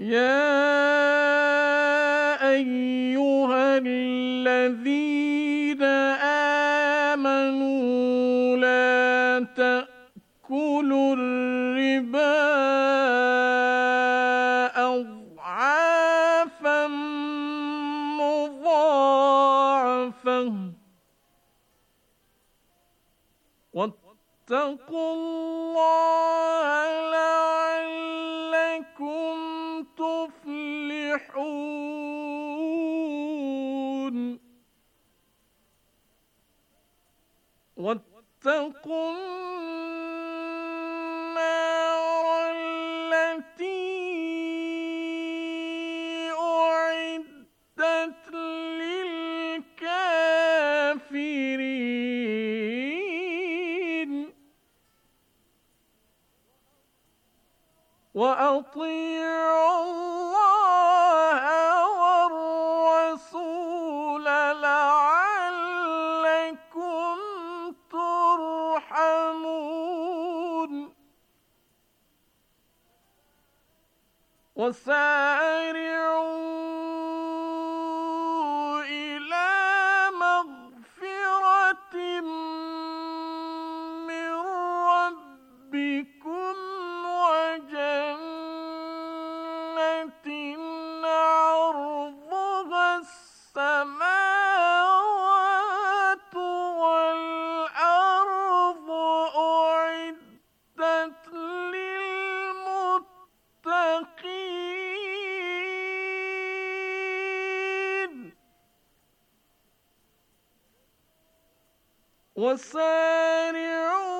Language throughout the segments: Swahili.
Yeah. وسارعوا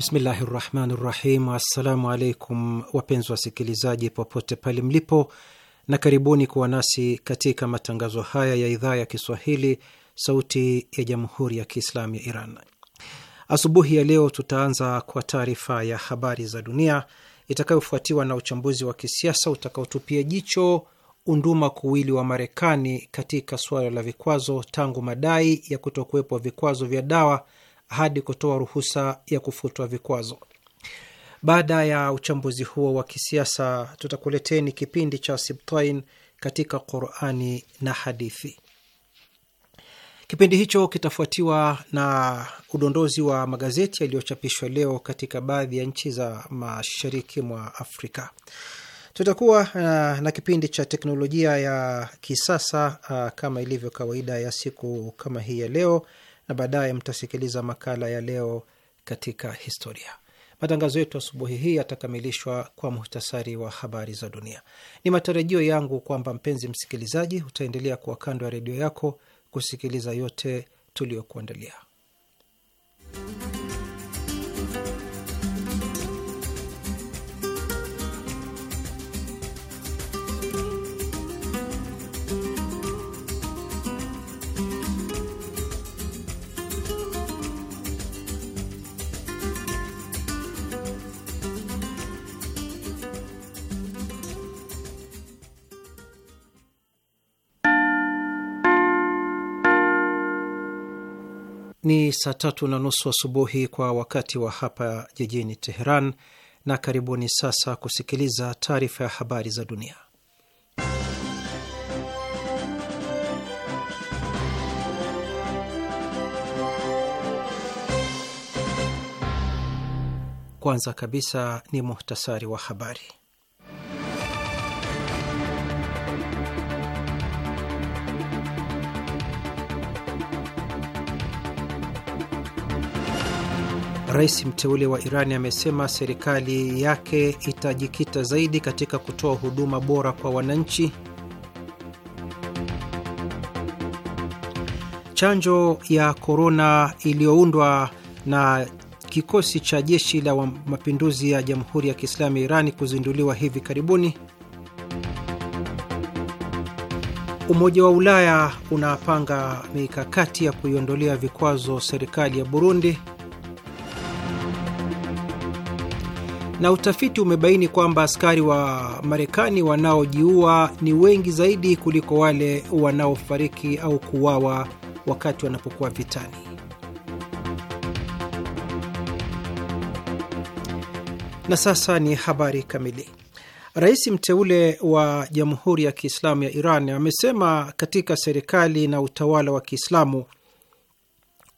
Bismillahi rahmani rahim. Assalamu alaikum wapenzi wasikilizaji popote pale mlipo, na karibuni kuwa nasi katika matangazo haya ya idhaa ya Kiswahili sauti ya jamhuri ya Kiislamu ya Iran. Asubuhi ya leo tutaanza kwa taarifa ya habari za dunia itakayofuatiwa na uchambuzi wa kisiasa utakaotupia jicho unduma kuwili wa Marekani katika suala la vikwazo tangu madai ya kutokuwepo vikwazo vya dawa hadi kutoa ruhusa ya kufutwa vikwazo. Baada ya uchambuzi huo wa kisiasa, tutakuleteni kipindi cha Sibtain katika Qurani na hadithi. Kipindi hicho kitafuatiwa na udondozi wa magazeti yaliyochapishwa leo katika baadhi ya nchi za mashariki mwa Afrika. Tutakuwa na, uh, na kipindi cha teknolojia ya kisasa uh, kama ilivyo kawaida ya siku kama hii ya leo na baadaye mtasikiliza makala ya leo katika historia. Matangazo yetu asubuhi hii yatakamilishwa kwa muhtasari wa habari za dunia. Ni matarajio yangu kwamba mpenzi msikilizaji, utaendelea kuwa kando ya redio yako kusikiliza yote tuliyokuandalia. Ni saa tatu na nusu asubuhi wa kwa wakati wa hapa jijini Teheran, na karibuni sasa kusikiliza taarifa ya habari za dunia. Kwanza kabisa ni muhtasari wa habari. Rais mteule wa Irani amesema serikali yake itajikita zaidi katika kutoa huduma bora kwa wananchi. Chanjo ya korona iliyoundwa na kikosi cha jeshi la mapinduzi ya Jamhuri ya Kiislamu ya Irani kuzinduliwa hivi karibuni. Umoja wa Ulaya unapanga mikakati ya kuiondolea vikwazo serikali ya Burundi. na utafiti umebaini kwamba askari wa Marekani wanaojiua ni wengi zaidi kuliko wale wanaofariki au kuuawa wakati wanapokuwa vitani. Na sasa ni habari kamili. Rais mteule wa Jamhuri ya Kiislamu ya Iran amesema katika serikali na utawala wa Kiislamu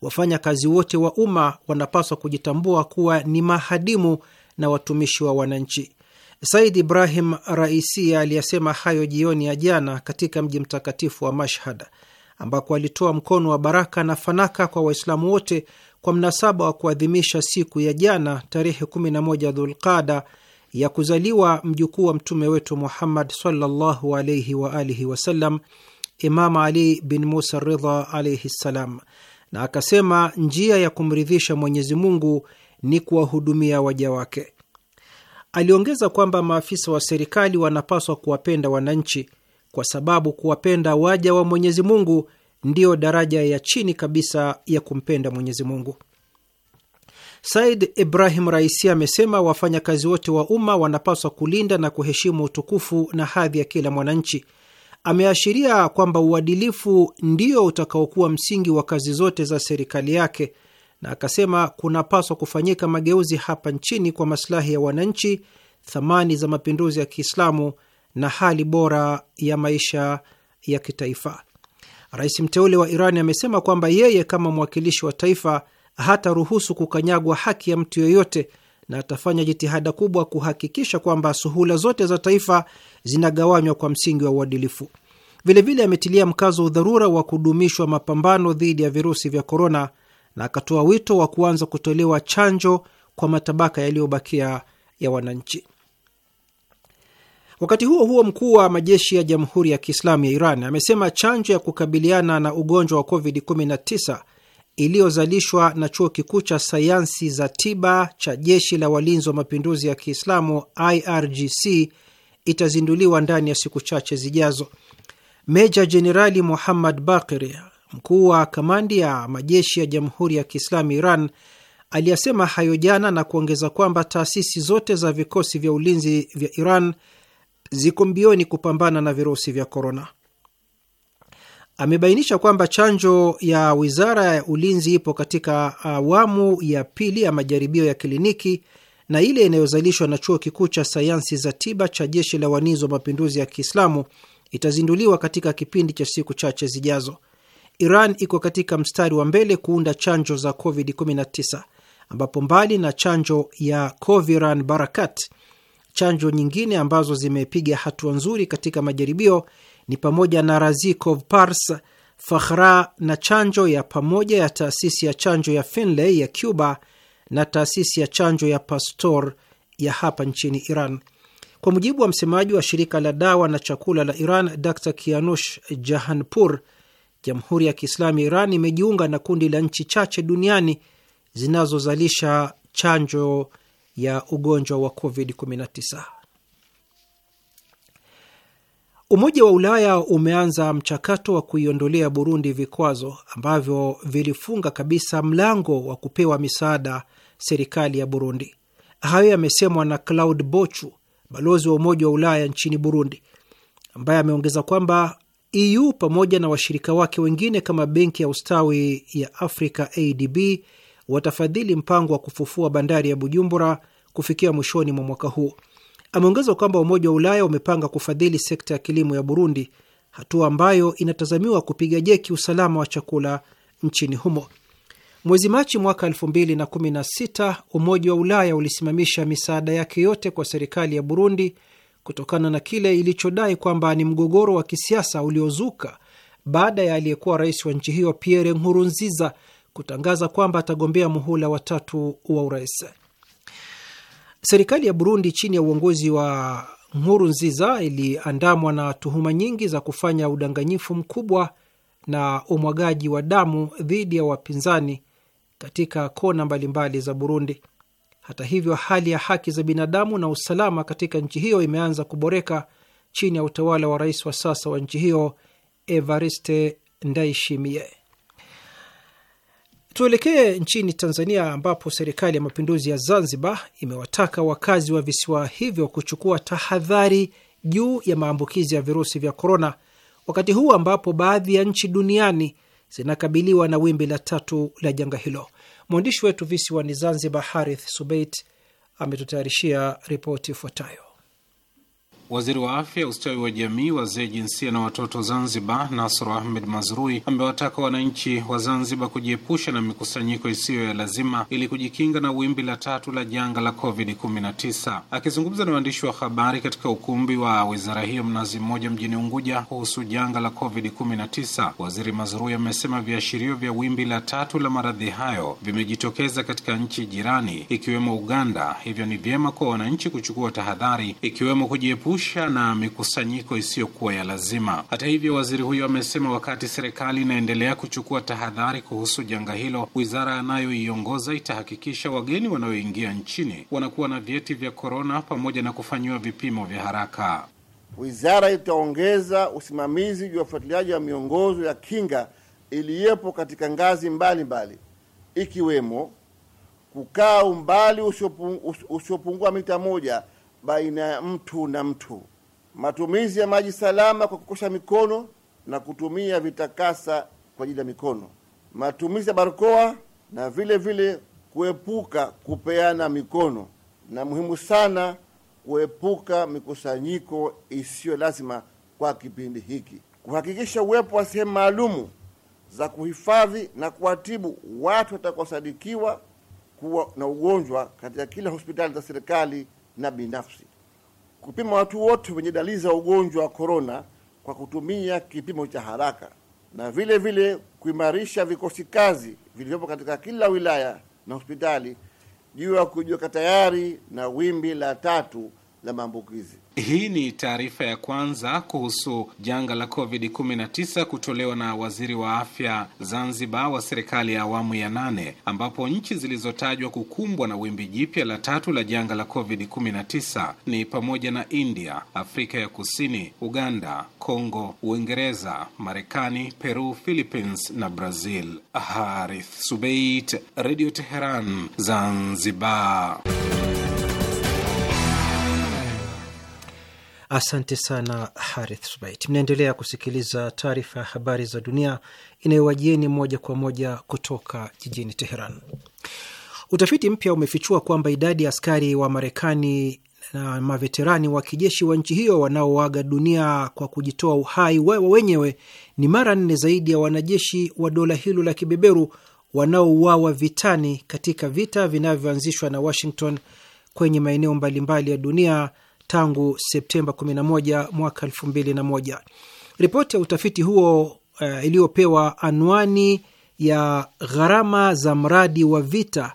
wafanyakazi wote wa umma wanapaswa kujitambua kuwa ni mahadimu na watumishi wa wananchi. Said Ibrahim Raisi aliyasema hayo jioni ya jana katika mji mtakatifu wa Mashhad, ambako alitoa mkono wa baraka na fanaka kwa Waislamu wote kwa mnasaba wa kuadhimisha siku ya jana tarehe 11 Dhulqada ya kuzaliwa mjukuu wa mtume wetu Muhammad sallallahu alaihi wa alihi wasallam, Imam Ali bin Musa Ridha alaihi ssalam, na akasema njia ya kumridhisha Mwenyezi Mungu ni kuwahudumia waja wake. Aliongeza kwamba maafisa wa serikali wanapaswa kuwapenda wananchi kwa sababu kuwapenda waja wa Mwenyezi Mungu ndiyo daraja ya chini kabisa ya kumpenda Mwenyezi Mungu. Said Ibrahim Raisi amesema wafanyakazi wote wa umma wanapaswa kulinda na kuheshimu utukufu na hadhi ya kila mwananchi. Ameashiria kwamba uadilifu ndio utakaokuwa msingi wa kazi zote za serikali yake na akasema kunapaswa kufanyika mageuzi hapa nchini kwa masilahi ya wananchi, thamani za mapinduzi ya Kiislamu na hali bora ya maisha ya kitaifa. Rais mteule wa Iran amesema kwamba yeye kama mwakilishi wa taifa hataruhusu kukanyagwa haki ya mtu yoyote na atafanya jitihada kubwa kuhakikisha kwamba suhula zote za taifa zinagawanywa kwa msingi wa uadilifu. Vilevile ametilia mkazo udharura wa kudumishwa mapambano dhidi ya virusi vya korona na akatoa wito wa kuanza kutolewa chanjo kwa matabaka yaliyobakia ya wananchi. Wakati huo huo, mkuu wa majeshi ya Jamhuri ya Kiislamu ya Iran amesema chanjo ya kukabiliana na ugonjwa wa COVID-19 iliyozalishwa na chuo kikuu cha sayansi za tiba cha jeshi la walinzi wa mapinduzi ya Kiislamu IRGC itazinduliwa ndani ya siku chache zijazo. Meja Jenerali Muhammad Bakiri Mkuu wa kamandi ya majeshi ya Jamhuri ya Kiislamu Iran aliyasema hayo jana na kuongeza kwamba taasisi zote za vikosi vya ulinzi vya Iran ziko mbioni kupambana na virusi vya korona. Amebainisha kwamba chanjo ya wizara ya ulinzi ipo katika awamu ya pili ya majaribio ya kliniki na ile inayozalishwa na chuo kikuu cha sayansi za tiba cha jeshi la waninzi wa mapinduzi ya Kiislamu itazinduliwa katika kipindi cha siku chache zijazo. Iran iko katika mstari wa mbele kuunda chanjo za COVID-19 ambapo mbali na chanjo ya Coviran Barakat, chanjo nyingine ambazo zimepiga hatua nzuri katika majaribio ni pamoja na Razikov Pars, Fakhra na chanjo ya pamoja ya taasisi ya chanjo ya Finlay ya Cuba na taasisi ya chanjo ya pastor ya hapa nchini Iran. Kwa mujibu wa msemaji wa shirika la dawa na chakula la Iran, Dr Kianush Jahanpur, Jamhuri ya Kiislamu ya Iran imejiunga na kundi la nchi chache duniani zinazozalisha chanjo ya ugonjwa wa COVID-19. Umoja wa Ulaya umeanza mchakato wa kuiondolea Burundi vikwazo ambavyo vilifunga kabisa mlango wa kupewa misaada serikali ya Burundi. Hayo yamesemwa na Claude Bochu, balozi wa Umoja wa Ulaya nchini Burundi, ambaye ameongeza kwamba EU pamoja na washirika wake wengine kama Benki ya Ustawi ya Afrika ADB watafadhili mpango wa kufufua bandari ya Bujumbura kufikia mwishoni mwa mwaka huu. Ameongeza kwamba Umoja wa Ulaya umepanga kufadhili sekta ya kilimo ya Burundi, hatua ambayo inatazamiwa kupiga jeki usalama wa chakula nchini humo. Mwezi Machi mwaka 2016 Umoja wa Ulaya ulisimamisha misaada yake yote kwa serikali ya Burundi kutokana na kile ilichodai kwamba ni mgogoro wa kisiasa uliozuka baada ya aliyekuwa rais wa nchi hiyo Pierre Nkurunziza kutangaza kwamba atagombea muhula watatu wa urais. Serikali ya Burundi chini ya uongozi wa Nkurunziza iliandamwa na tuhuma nyingi za kufanya udanganyifu mkubwa na umwagaji wa damu dhidi ya wapinzani katika kona mbalimbali za Burundi. Hata hivyo, hali ya haki za binadamu na usalama katika nchi hiyo imeanza kuboreka chini ya utawala wa rais wa sasa wa nchi hiyo Evariste Ndayishimiye. Tuelekee nchini Tanzania ambapo serikali ya mapinduzi ya Zanzibar imewataka wakazi wa visiwa hivyo kuchukua tahadhari juu ya maambukizi ya virusi vya korona, wakati huu ambapo baadhi ya nchi duniani zinakabiliwa na wimbi la tatu la janga hilo. Mwandishi wetu visiwani Zanzibar, Harith Subeit, ametutayarishia ripoti ifuatayo. Waziri wa Afya, Ustawi wa Jamii, Wazee, Jinsia na Watoto Zanzibar, Nasro Ahmed Mazrui, amewataka wananchi wa Zanzibar kujiepusha na mikusanyiko isiyo ya lazima ili kujikinga na wimbi la tatu la janga la COVID-19. Akizungumza na waandishi wa habari katika ukumbi wa wizara hiyo Mnazi Mmoja mjini Unguja kuhusu janga la COVID-19, Waziri Mazrui amesema viashirio vya wimbi la tatu la maradhi hayo vimejitokeza katika nchi jirani ikiwemo Uganda, hivyo ni vyema kwa wananchi kuchukua tahadhari ikiwemo kujiepusha kujiepusha na mikusanyiko isiyokuwa ya lazima. Hata hivyo, waziri huyo amesema wakati serikali inaendelea kuchukua tahadhari kuhusu janga hilo, wizara anayoiongoza itahakikisha wageni wanaoingia nchini wanakuwa na vyeti vya korona pamoja na kufanyiwa vipimo vya haraka. Wizara itaongeza usimamizi juu ya ufuatiliaji wa miongozo ya kinga iliyopo katika ngazi mbalimbali mbali, ikiwemo kukaa umbali usiopungua mita moja baina ya mtu na mtu, matumizi ya maji salama kwa kukosha mikono na kutumia vitakasa kwa ajili ya mikono, matumizi ya barakoa na vile vile kuepuka kupeana mikono, na muhimu sana kuepuka mikusanyiko isiyo lazima kwa kipindi hiki, kuhakikisha uwepo wa sehemu maalumu za kuhifadhi na kuwatibu watu watakaosadikiwa kuwa na ugonjwa katika kila hospitali za serikali na binafsi. Kupima watu wote wenye dalili za ugonjwa wa korona kwa kutumia kipimo cha haraka, na vile vile kuimarisha vikosi kazi vilivyopo katika kila wilaya na hospitali juu ya kujiweka tayari na wimbi la tatu la maambukizi. Hii ni taarifa ya kwanza kuhusu janga la COVID-19 kutolewa na waziri wa afya Zanzibar wa serikali ya awamu ya nane, ambapo nchi zilizotajwa kukumbwa na wimbi jipya la tatu la janga la COVID-19 ni pamoja na India, Afrika ya Kusini, Uganda, Kongo, Uingereza, Marekani, Peru, Philippines na Brazil. Harith Subeit, Radio Teheran, Zanzibar. Asante sana Harith Subait. Mnaendelea kusikiliza taarifa ya habari za dunia inayowajieni moja kwa moja kutoka jijini Teheran. Utafiti mpya umefichua kwamba idadi ya askari wa Marekani na maveterani wa kijeshi wa nchi hiyo wanaoaga dunia kwa kujitoa uhai wao wenyewe ni mara nne zaidi ya wanajeshi wa dola hilo la kibeberu wanaouawa vitani katika vita vinavyoanzishwa na Washington kwenye maeneo mbalimbali ya dunia tangu Septemba 11 mwaka 2001. Ripoti ya utafiti huo uh, iliyopewa anwani ya gharama za mradi wa vita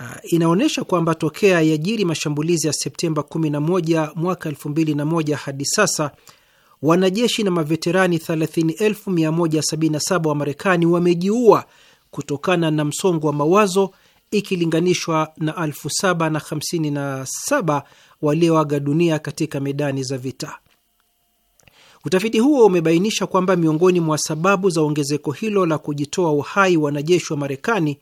uh, inaonyesha kwamba tokea yajiri mashambulizi ya Septemba 11 mwaka 2001 hadi sasa wanajeshi na maveterani 30,177 wa Marekani wamejiua kutokana na msongo wa mawazo ikilinganishwa na 7,057 walioaga dunia katika medani za vita. Utafiti huo umebainisha kwamba miongoni mwa sababu za ongezeko hilo la kujitoa uhai wanajeshi wa Marekani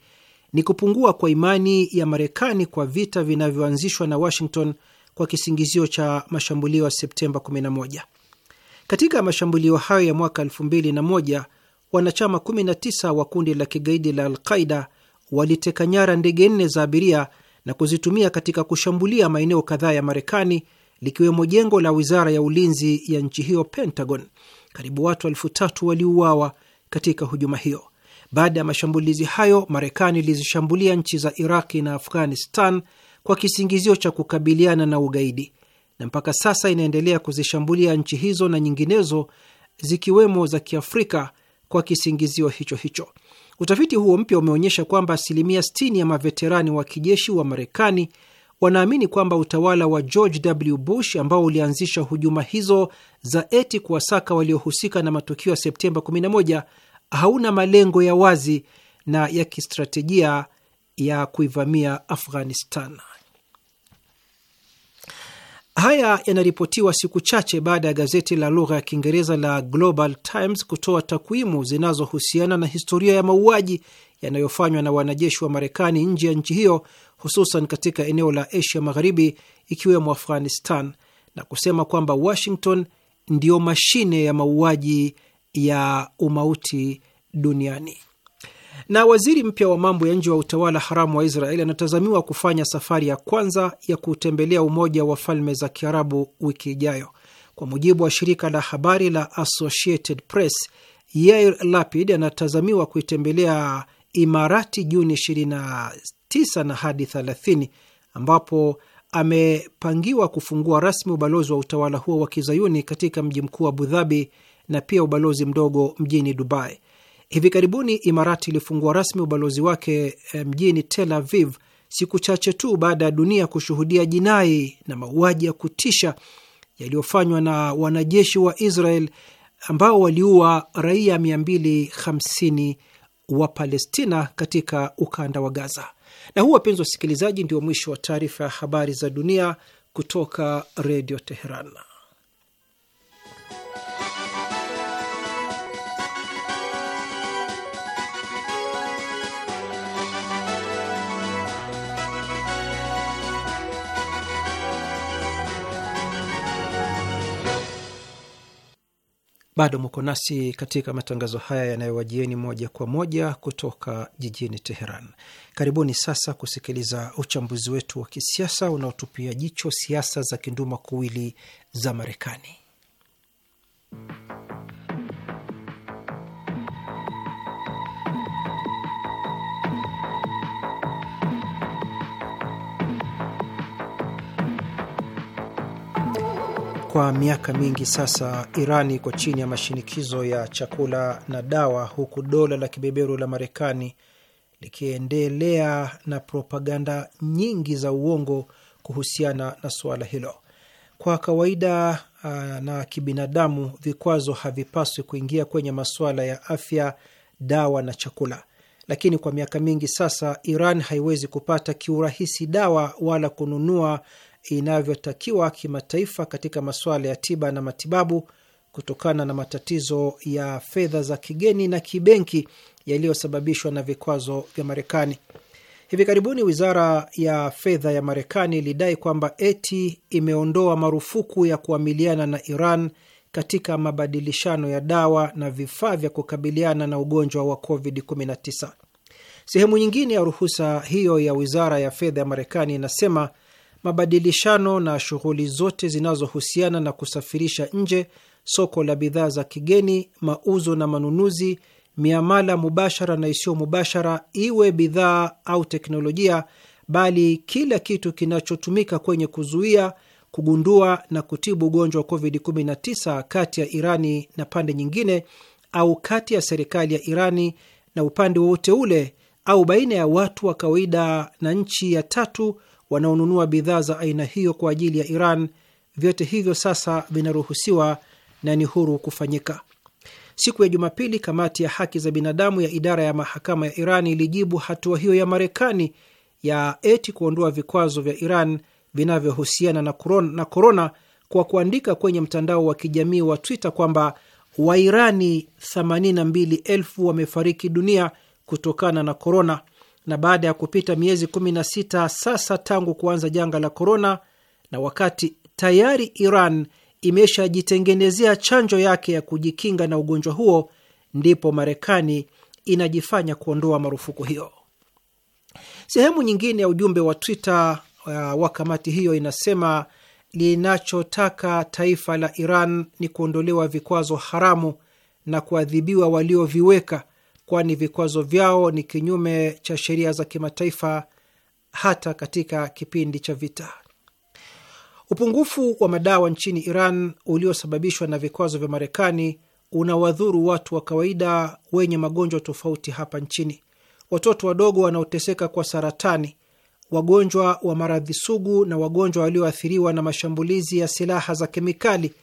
ni kupungua kwa imani ya Marekani kwa vita vinavyoanzishwa na Washington kwa kisingizio cha mashambulio ya Septemba 11. Katika mashambulio hayo ya mwaka 2001 wanachama 19 wa kundi la kigaidi la Alqaida waliteka nyara ndege nne za abiria na kuzitumia katika kushambulia maeneo kadhaa ya Marekani likiwemo jengo la wizara ya ulinzi ya nchi hiyo Pentagon. Karibu watu elfu tatu waliuawa katika hujuma hiyo. Baada ya mashambulizi hayo, Marekani ilizishambulia nchi za iraqi na Afghanistan kwa kisingizio cha kukabiliana na ugaidi, na mpaka sasa inaendelea kuzishambulia nchi hizo na nyinginezo zikiwemo za Kiafrika kwa kisingizio hicho hicho. Utafiti huo mpya umeonyesha kwamba asilimia 60 ya maveterani wa kijeshi wa Marekani wanaamini kwamba utawala wa George W. Bush ambao ulianzisha hujuma hizo za eti kuwasaka waliohusika na matukio ya Septemba 11 hauna malengo ya wazi na ya kistratejia ya kuivamia Afghanistan. Haya yanaripotiwa siku chache baada ya gazeti la lugha ya Kiingereza la Global Times kutoa takwimu zinazohusiana na historia ya mauaji yanayofanywa na wanajeshi wa Marekani nje ya nchi hiyo, hususan katika eneo la Asia Magharibi, ikiwemo Afghanistan, na kusema kwamba Washington ndiyo mashine ya mauaji ya umauti duniani. Na waziri mpya wa mambo ya nje wa utawala haramu wa Israeli anatazamiwa kufanya safari ya kwanza ya kutembelea Umoja wa Falme za Kiarabu wiki ijayo. Kwa mujibu wa shirika la habari la Associated Press, Yair Lapid anatazamiwa kuitembelea Imarati Juni 29 na hadi 30 ambapo amepangiwa kufungua rasmi ubalozi wa utawala huo wa kizayuni katika mji mkuu wa Abu Dhabi na pia ubalozi mdogo mjini Dubai. Hivi karibuni Imarati ilifungua rasmi ubalozi wake eh, mjini Tel Aviv siku chache tu baada ya dunia kushuhudia jinai na mauaji ya kutisha yaliyofanywa na wanajeshi wa Israel ambao waliua raia 250 wa Palestina katika ukanda wa Gaza. Na huu, wapenzi wasikilizaji, ndio mwisho wa taarifa ya habari za dunia kutoka Redio Teheran. Bado muko nasi katika matangazo haya yanayowajieni moja kwa moja kutoka jijini Teheran. Karibuni sasa kusikiliza uchambuzi wetu wa kisiasa unaotupia jicho siasa za kinduma kuwili za Marekani. Kwa miaka mingi sasa, Iran iko chini ya mashinikizo ya chakula na dawa, huku dola la kibeberu la Marekani likiendelea na propaganda nyingi za uongo kuhusiana na suala hilo. Kwa kawaida ah, na kibinadamu, vikwazo havipaswi kuingia kwenye masuala ya afya, dawa na chakula, lakini kwa miaka mingi sasa Iran haiwezi kupata kiurahisi dawa wala kununua inavyotakiwa kimataifa katika masuala ya tiba na matibabu kutokana na matatizo ya fedha za kigeni na kibenki yaliyosababishwa na vikwazo vya Marekani. Hivi karibuni wizara ya fedha ya Marekani ilidai kwamba eti imeondoa marufuku ya kuamiliana na Iran katika mabadilishano ya dawa na vifaa vya kukabiliana na ugonjwa wa COVID-19. Sehemu nyingine ya ruhusa hiyo ya wizara ya fedha ya Marekani inasema mabadilishano na shughuli zote zinazohusiana na kusafirisha nje, soko la bidhaa za kigeni, mauzo na manunuzi, miamala mubashara na isiyo mubashara, iwe bidhaa au teknolojia, bali kila kitu kinachotumika kwenye kuzuia, kugundua na kutibu ugonjwa wa COVID-19 kati ya Irani na pande nyingine au kati ya serikali ya Irani na upande wowote ule au baina ya watu wa kawaida na nchi ya tatu wanaonunua bidhaa za aina hiyo kwa ajili ya Iran, vyote hivyo sasa vinaruhusiwa na ni huru kufanyika. Siku ya Jumapili, kamati ya haki za binadamu ya idara ya mahakama ya Iran ilijibu hatua hiyo ya Marekani ya eti kuondoa vikwazo vya Iran vinavyohusiana na korona, na korona kwa kuandika kwenye mtandao wa kijamii wa Twitter kwamba Wairani 82,000 wamefariki dunia kutokana na korona na baada ya kupita miezi 16 sasa tangu kuanza janga la korona, na wakati tayari Iran imeshajitengenezea chanjo yake ya kujikinga na ugonjwa huo, ndipo Marekani inajifanya kuondoa marufuku hiyo. Sehemu nyingine ya ujumbe wa Twitter uh, wa kamati hiyo inasema linachotaka taifa la Iran ni kuondolewa vikwazo haramu na kuadhibiwa walioviweka kwani vikwazo vyao ni kinyume cha sheria za kimataifa hata katika kipindi cha vita. Upungufu wa madawa nchini Iran uliosababishwa na vikwazo vya Marekani unawadhuru watu wa kawaida wenye magonjwa tofauti hapa nchini: watoto wadogo wanaoteseka kwa saratani, wagonjwa wa maradhi sugu na wagonjwa walioathiriwa na mashambulizi ya silaha za kemikali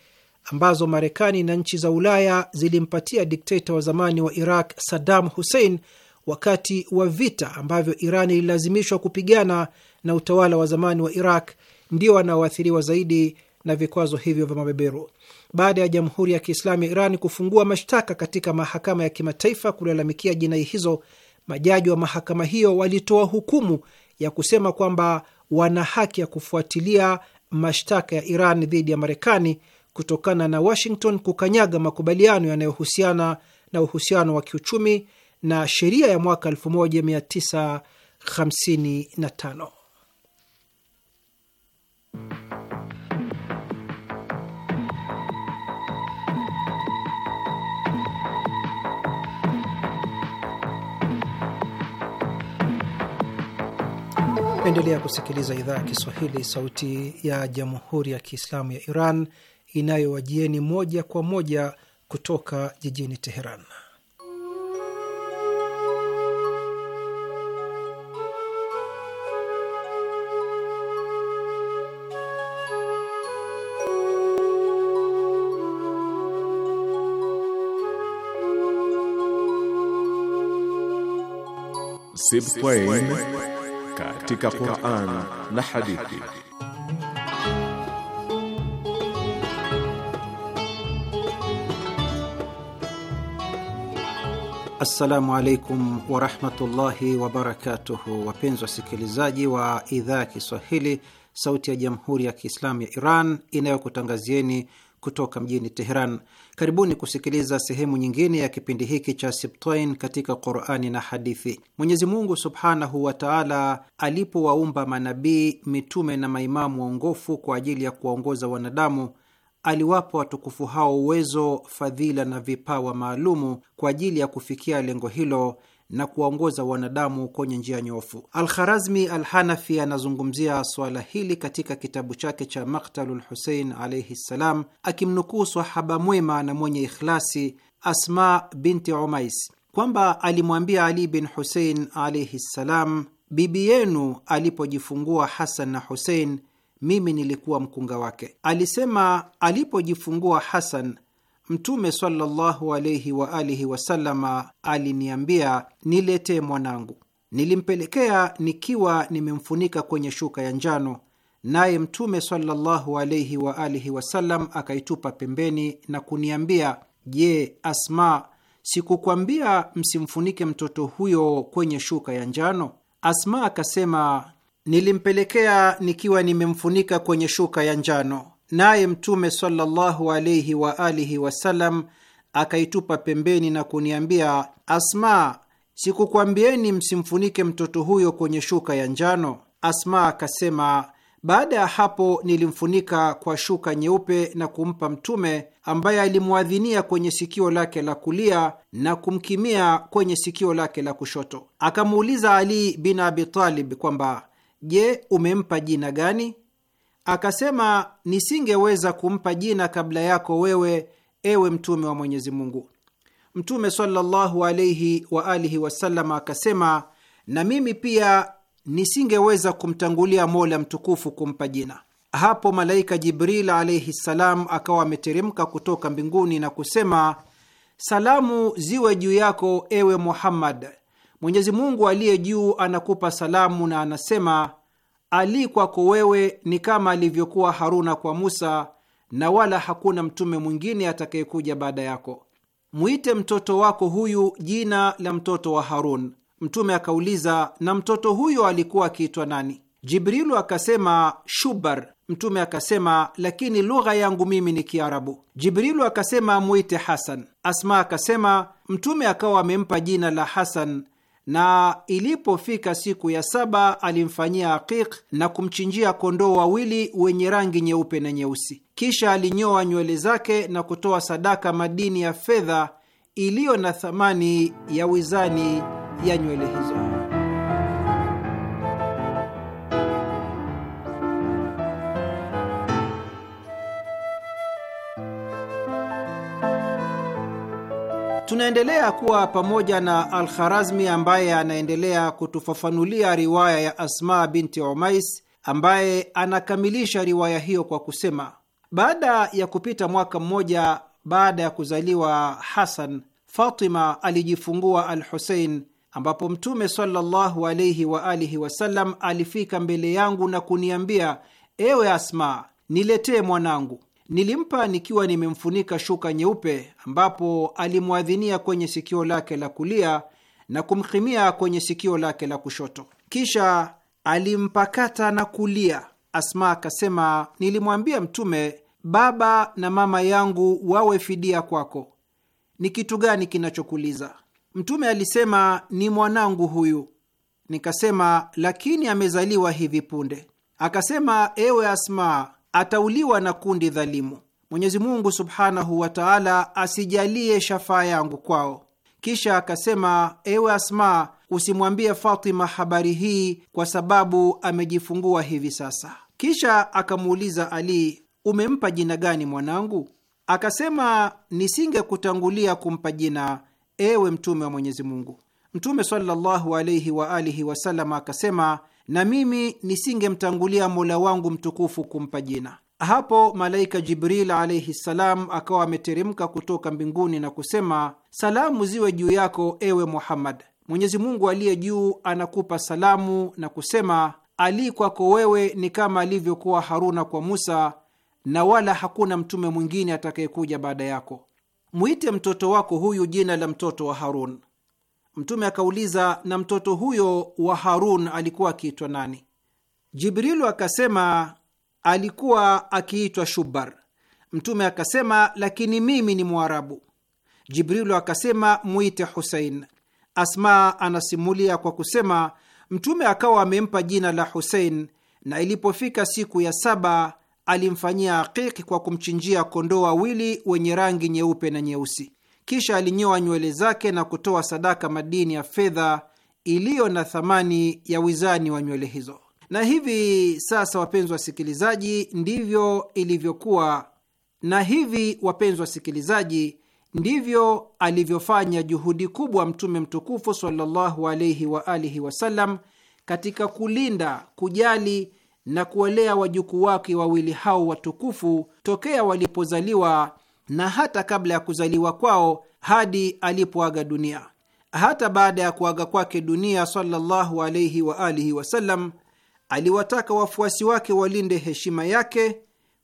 ambazo Marekani na nchi za Ulaya zilimpatia dikteta wa zamani wa Iraq Saddam Hussein wakati wa vita ambavyo Iran ililazimishwa kupigana na utawala wa zamani wa Iraq ndio wanaoathiriwa zaidi na vikwazo hivyo vya mabeberu. Baada ya Jamhuri ya Kiislamu ya Iran kufungua mashtaka katika mahakama ya kimataifa kulalamikia jinai hizo, majaji wa mahakama hiyo walitoa hukumu ya kusema kwamba wana haki ya kufuatilia mashtaka ya Iran dhidi ya Marekani kutokana na Washington kukanyaga makubaliano yanayohusiana na uhusiano wa kiuchumi na sheria ya mwaka 1955. Naendelea kusikiliza idhaa ya Kiswahili, sauti ya jamhuri ya kiislamu ya Iran inayowajieni moja kwa moja kutoka jijini Teheran. Sibtain katika Qur'an na hadithi. Assalamu alaikum warahmatullahi wabarakatuhu, wapenzi wasikilizaji wa idhaa ya Kiswahili, Sauti ya Jamhuri ya Kiislamu ya Iran inayokutangazieni kutoka mjini Teheran. Karibuni kusikiliza sehemu nyingine ya kipindi hiki cha Sibtain katika Qurani na Hadithi. Mwenyezi Mungu subhanahu wa taala alipowaumba manabii, mitume na maimamu waongofu kwa ajili ya kuwaongoza wanadamu aliwapa watukufu hao uwezo, fadhila na vipawa maalumu kwa ajili ya kufikia lengo hilo na kuwaongoza wanadamu kwenye njia nyofu. Alkharazmi Alhanafi anazungumzia swala hili katika kitabu chake cha Maktalu Lhusein alaihi ssalam, akimnukuu swahaba mwema na mwenye ikhlasi Asma binti Umais kwamba alimwambia Ali bin Husein alaihi ssalam, bibi yenu alipojifungua Hasan na Husein mimi nilikuwa mkunga wake. Alisema alipojifungua Hasan, Mtume sallallahu alaihi wa alihi aliniambia niletee mwanangu. Nilimpelekea nikiwa nimemfunika kwenye shuka ya njano, naye Mtume sallallahu alaihi wa alihi akaitupa pembeni na kuniambia, Je, Asma, sikukwambia msimfunike mtoto huyo kwenye shuka ya njano? Asma akasema nilimpelekea nikiwa nimemfunika kwenye shuka ya njano, naye Mtume sallallahu alaihi wa alihi wasallam akaitupa pembeni na kuniambia, Asma, sikukwambieni msimfunike mtoto huyo kwenye shuka ya njano? Asma akasema baada ya hapo nilimfunika kwa shuka nyeupe na kumpa Mtume, ambaye alimwadhinia kwenye sikio lake la kulia na kumkimia kwenye sikio lake la kushoto. Akamuuliza Ali bin Abi Talib kwamba Je, umempa jina gani? Akasema, nisingeweza kumpa jina kabla yako wewe, ewe Mtume wa Mwenyezi Mungu. Mtume sallallahu alaihi wa alihi wasallam akasema, na mimi pia nisingeweza kumtangulia Mola mtukufu kumpa jina. Hapo malaika Jibril alaihi ssalam akawa ameteremka kutoka mbinguni na kusema, salamu ziwe juu yako ewe Muhammad Mwenyezi Mungu aliye juu anakupa salamu na anasema, Ali kwako wewe ni kama alivyokuwa Haruna kwa Musa, na wala hakuna mtume mwingine atakayekuja baada yako. Mwite mtoto wako huyu jina la mtoto wa Harun. Mtume akauliza, na mtoto huyo alikuwa akiitwa nani? Jibrilu akasema Shubar. Mtume akasema, lakini lugha yangu mimi ni Kiarabu. Jibrilu akasema, mwite Hasan. Asma akasema, Mtume akawa amempa jina la Hasan na ilipofika siku ya saba alimfanyia akik na kumchinjia kondoo wawili wenye rangi nyeupe na nyeusi. Kisha alinyoa nywele zake na kutoa sadaka madini ya fedha iliyo na thamani ya wizani ya nywele hizo. Tunaendelea kuwa pamoja na Alkharazmi ambaye anaendelea kutufafanulia riwaya ya Asma binti Umais ambaye anakamilisha riwaya hiyo kwa kusema, baada ya kupita mwaka mmoja baada ya kuzaliwa Hasan, Fatima alijifungua al Husein, ambapo Mtume sallallahu alaihi wa alihi wasallam alifika mbele yangu na kuniambia, ewe Asma, niletee mwanangu. Nilimpa nikiwa nimemfunika shuka nyeupe, ambapo alimwadhinia kwenye sikio lake la kulia na kumhimia kwenye sikio lake la kushoto, kisha alimpakata na kulia. Asma akasema, nilimwambia Mtume, baba na mama yangu wawe fidia kwako, ni kitu gani kinachokuliza? Mtume alisema, ni mwanangu huyu. Nikasema, lakini amezaliwa hivi punde. Akasema, ewe Asma, atauliwa na kundi dhalimu. Mwenyezi Mungu subhanahu wa taala asijalie shafaa yangu kwao. Kisha akasema, ewe Asma, usimwambie Fatima habari hii kwa sababu amejifungua hivi sasa. Kisha akamuuliza Ali, umempa jina gani mwanangu? Akasema, nisingekutangulia kumpa jina, ewe Mtume wa Mwenyezi Mungu. Mtume sallallahu alaihi wasallam akasema na mimi nisingemtangulia Mola wangu mtukufu kumpa jina. Hapo malaika Jibril alaihi ssalam akawa ameteremka kutoka mbinguni na kusema, salamu ziwe juu yako ewe Muhammad, Mwenyezi Mungu aliye juu anakupa salamu na kusema, Ali kwako wewe ni kama alivyokuwa Haruna kwa Musa, na wala hakuna mtume mwingine atakayekuja baada yako. Mwite mtoto wako huyu jina la mtoto wa Harun. Mtume akauliza, na mtoto huyo wa Harun alikuwa akiitwa nani? Jibrilu akasema, alikuwa akiitwa Shubar. Mtume akasema, lakini mimi ni Mwarabu. Jibrilu akasema, mwite Husein. Asma anasimulia kwa kusema, Mtume akawa amempa jina la Husein, na ilipofika siku ya saba alimfanyia akiki kwa kumchinjia kondoo wawili wenye rangi nyeupe na nyeusi. Kisha alinyoa nywele zake na kutoa sadaka madini ya fedha iliyo na thamani ya wizani wa nywele hizo. Na hivi sasa, wapenzi wasikilizaji, ndivyo ilivyokuwa, na hivi wapenzi wasikilizaji, ndivyo alivyofanya juhudi kubwa Mtume mtukufu sallallahu alaihi wa alihi wasallam katika kulinda, kujali na kuwalea wajukuu wake wawili hao watukufu tokea walipozaliwa na hata kabla ya kuzaliwa kwao hadi alipoaga dunia. Hata baada ya kuaga kwake dunia sallallahu wa alihi wasallam, aliwataka wafuasi wake walinde heshima yake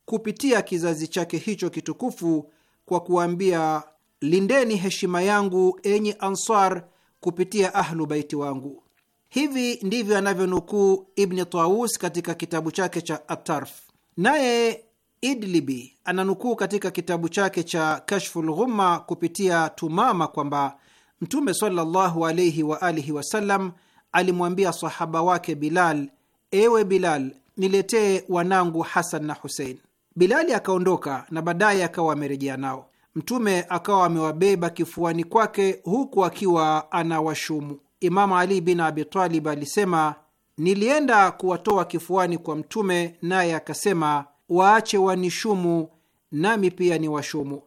kupitia kizazi chake hicho kitukufu kwa kuambia, lindeni heshima yangu enyi Ansar kupitia ahlu baiti wangu. Hivi ndivyo anavyonukuu Ibni Taus katika kitabu chake cha Atarf. Naye Idlibi ananukuu katika kitabu chake cha Kashful Ghumma kupitia Tumama kwamba Mtume sallallahu alaihi wa alihi wasallam alimwambia sahaba wake Bilal, ewe Bilal, niletee wanangu Hasan na Husein. Bilali akaondoka na baadaye akawa amerejea nao. Mtume akawa amewabeba kifuani kwake huku akiwa anawashumu. Imamu Ali bin Abitalib alisema, nilienda kuwatoa kifuani kwa Mtume, naye akasema waache wanishumu, nami pia ni washumu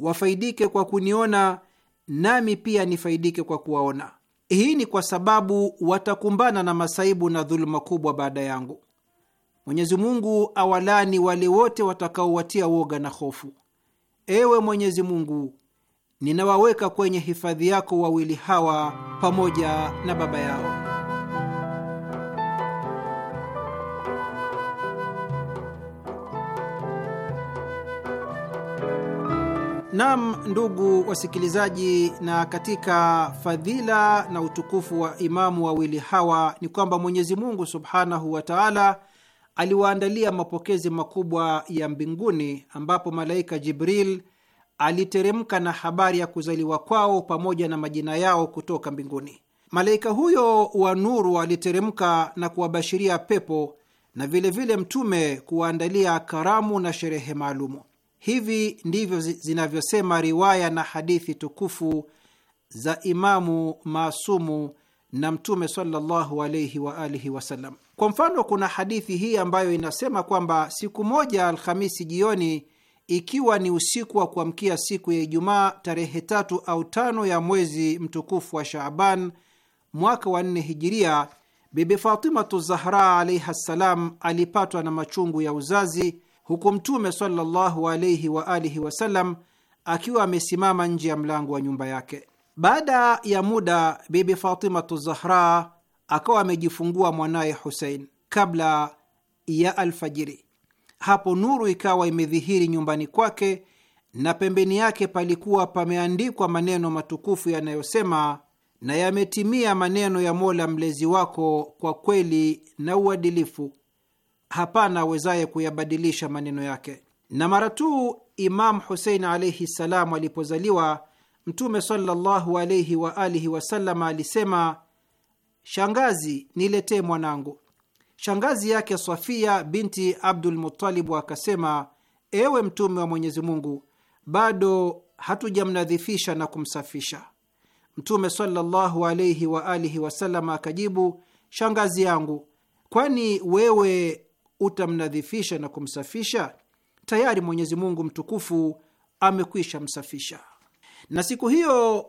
Wafaidike kwa kuniona, nami pia nifaidike kwa kuwaona. Hii ni kwa sababu watakumbana na masaibu na dhuluma kubwa baada yangu. Mwenyezi Mungu awalani wale wote watakaowatia woga na hofu. Ewe Mwenyezi Mungu, ninawaweka kwenye hifadhi yako wawili hawa pamoja na baba yao. Nam, ndugu wasikilizaji, na katika fadhila na utukufu wa imamu wawili hawa ni kwamba Mwenyezi Mungu subhanahu wa taala aliwaandalia mapokezi makubwa ya mbinguni, ambapo malaika Jibril aliteremka na habari ya kuzaliwa kwao pamoja na majina yao kutoka mbinguni. Malaika huyo wa nuru aliteremka na kuwabashiria pepo na vilevile vile mtume kuwaandalia karamu na sherehe maalumu. Hivi ndivyo zinavyosema riwaya na hadithi tukufu za Imamu Masumu na Mtume sallallahu alaihi wa alihi wasallam. Kwa mfano, kuna hadithi hii ambayo inasema kwamba siku moja Alhamisi jioni, ikiwa ni usiku wa kuamkia siku ya Ijumaa tarehe tatu au tano ya mwezi mtukufu wa Shaaban mwaka wa nne hijiria, Bibi Fatimatu Zahra alaihi ssalam alipatwa na machungu ya uzazi huku Mtume sallallahu alaihi wa alihi wasallam akiwa amesimama nje ya mlango wa nyumba yake. Baada ya muda, Bibi Fatimatu Zahra akawa amejifungua mwanaye Husein kabla ya alfajiri. Hapo nuru ikawa imedhihiri nyumbani kwake na pembeni yake palikuwa pameandikwa maneno matukufu yanayosema, na yametimia maneno ya Mola mlezi wako kwa kweli na uadilifu hapana awezaye kuyabadilisha maneno yake. Na mara tu Imamu Husein alaihi ssalam alipozaliwa, Mtume sallallahu alaihi wa alihi wasalama alisema, shangazi, niletee mwanangu. Shangazi yake Safia binti Abdul Mutalibu akasema, ewe Mtume wa Mwenyezi Mungu, bado hatujamnadhifisha na kumsafisha. Mtume sallallahu alaihi wa alihi wasalama akajibu, shangazi yangu, kwani wewe utamnadhifisha na kumsafisha? Tayari Mwenyezi Mungu mtukufu amekwisha msafisha. Na siku hiyo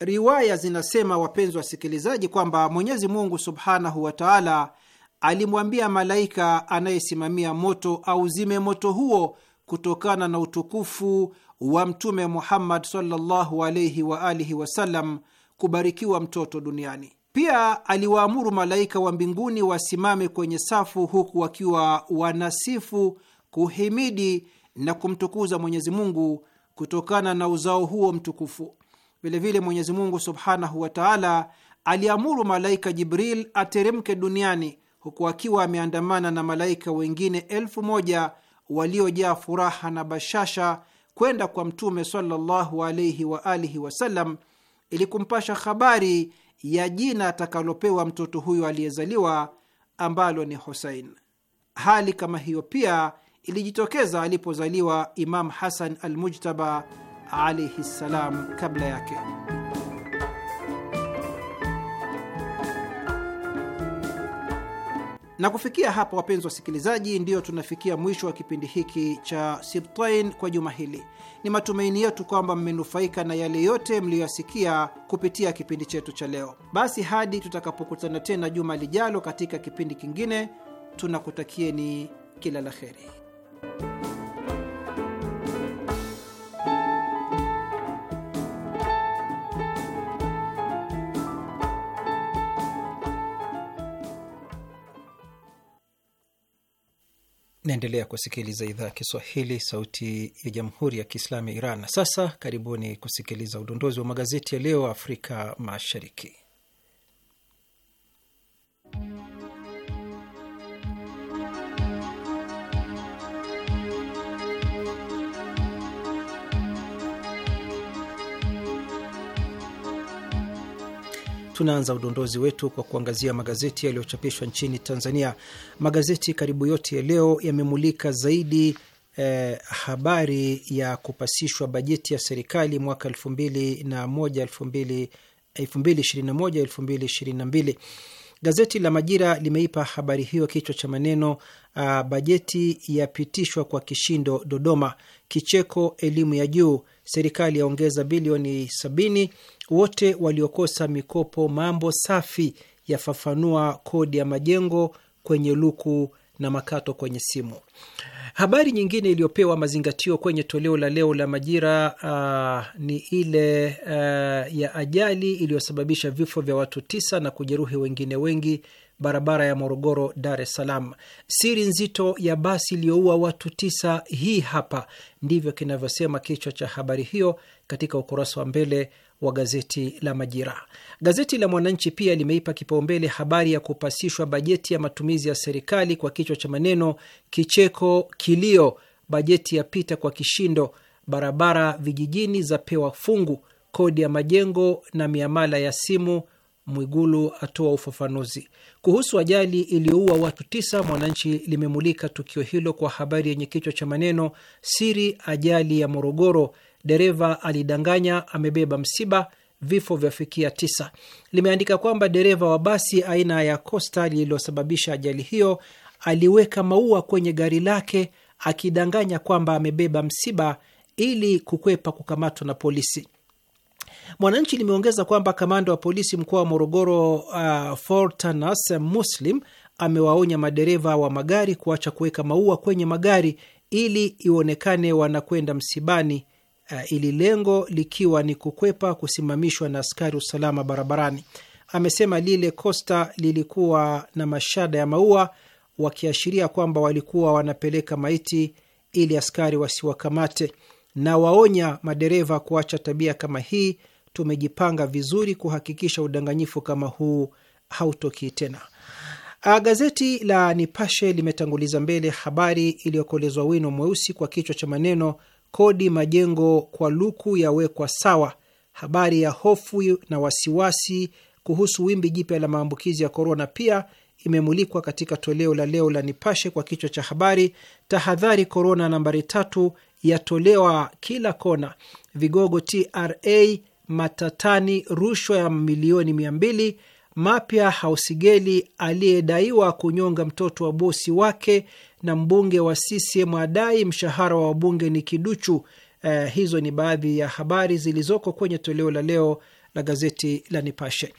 riwaya zinasema, wapenzi wasikilizaji, kwamba Mwenyezi Mungu subhanahu wa taala alimwambia malaika anayesimamia moto auzime moto huo kutokana na utukufu wa Mtume Muhammad sallallahu alaihi waalihi wasallam, kubarikiwa mtoto duniani. Pia aliwaamuru malaika wa mbinguni wasimame kwenye safu, huku wakiwa wanasifu, kuhimidi na kumtukuza Mwenyezi Mungu kutokana na uzao huo mtukufu. Vilevile Mwenyezi Mungu subhanahu wa taala aliamuru malaika Jibril ateremke duniani huku akiwa ameandamana na malaika wengine elfu moja waliojaa furaha na bashasha kwenda kwa Mtume sallallahu alaihi waalihi wasallam ili kumpasha habari ya jina atakalopewa mtoto huyo aliyezaliwa ambalo ni Husein. Hali kama hiyo pia ilijitokeza alipozaliwa Imam Hasan Almujtaba alaihi ssalam kabla yake. Na kufikia hapa, wapenzi wasikilizaji, ndiyo tunafikia mwisho wa kipindi hiki cha Sibtain kwa juma hili. Ni matumaini yetu kwamba mmenufaika na yale yote mliyoyasikia kupitia kipindi chetu cha leo. Basi hadi tutakapokutana tena juma lijalo katika kipindi kingine, tunakutakieni kila la heri. Naendelea kusikiliza idhaa ya Kiswahili, sauti ya jamhuri ya kiislamu ya Iran. Na sasa karibuni kusikiliza udondozi wa magazeti ya leo Afrika Mashariki. Tunaanza udondozi wetu kwa kuangazia magazeti yaliyochapishwa nchini Tanzania. Magazeti karibu yote ya leo yamemulika zaidi Eh, habari ya kupasishwa bajeti ya serikali mwaka 2021 2022 Gazeti la Majira limeipa habari hiyo kichwa cha maneno uh, bajeti yapitishwa kwa kishindo Dodoma, kicheko elimu ya juu, serikali yaongeza bilioni sabini, wote waliokosa mikopo, mambo safi, yafafanua kodi ya majengo kwenye luku na makato kwenye simu. Habari nyingine iliyopewa mazingatio kwenye toleo la leo la Majira uh, ni ile uh, ya ajali iliyosababisha vifo vya watu tisa na kujeruhi wengine wengi barabara ya Morogoro Dar es Salaam. Siri nzito ya basi iliyoua watu tisa, hii hapa ndivyo kinavyosema kichwa cha habari hiyo katika ukurasa wa mbele wa gazeti la Majira. Gazeti la Mwananchi pia limeipa kipaumbele habari ya kupasishwa bajeti ya matumizi ya serikali kwa kichwa cha maneno kicheko kilio, bajeti ya pita kwa kishindo, barabara vijijini za pewa fungu, kodi ya majengo na miamala ya simu Mwigulu atoa ufafanuzi kuhusu ajali iliyoua watu tisa. Mwananchi limemulika tukio hilo kwa habari yenye kichwa cha maneno siri ajali ya Morogoro dereva alidanganya amebeba msiba, vifo vyafikia tisa. Limeandika kwamba dereva wa basi aina ya Costa lililosababisha ajali hiyo aliweka maua kwenye gari lake akidanganya kwamba amebeba msiba ili kukwepa kukamatwa na polisi. Mwananchi limeongeza kwamba kamanda wa polisi mkoa wa Morogoro, uh, Fortanas Muslim amewaonya madereva wa magari kuacha kuweka maua kwenye magari ili ionekane wanakwenda msibani uh, ili lengo likiwa ni kukwepa kusimamishwa na askari usalama barabarani. Amesema lile kosta lilikuwa na mashada ya maua, wakiashiria kwamba walikuwa wanapeleka maiti ili askari wasiwakamate, na waonya madereva kuacha tabia kama hii. Tumejipanga vizuri kuhakikisha udanganyifu kama huu hautokii tena. Ah, gazeti la Nipashe limetanguliza mbele habari iliyokolezwa wino mweusi kwa kichwa cha maneno kodi majengo kwa luku yawekwa sawa. Habari ya hofu na wasiwasi kuhusu wimbi jipya la maambukizi ya korona pia imemulikwa katika toleo la leo la Nipashe kwa kichwa cha habari, tahadhari korona nambari tatu yatolewa kila kona, vigogo TRA matatani, rushwa ya milioni mia mbili mapya Hausigeli aliyedaiwa kunyonga mtoto wa bosi wake na mbunge wa CCM adai mshahara wa wabunge ni kiduchu. Eh, hizo ni baadhi ya habari zilizoko kwenye toleo la leo la gazeti la Nipashe.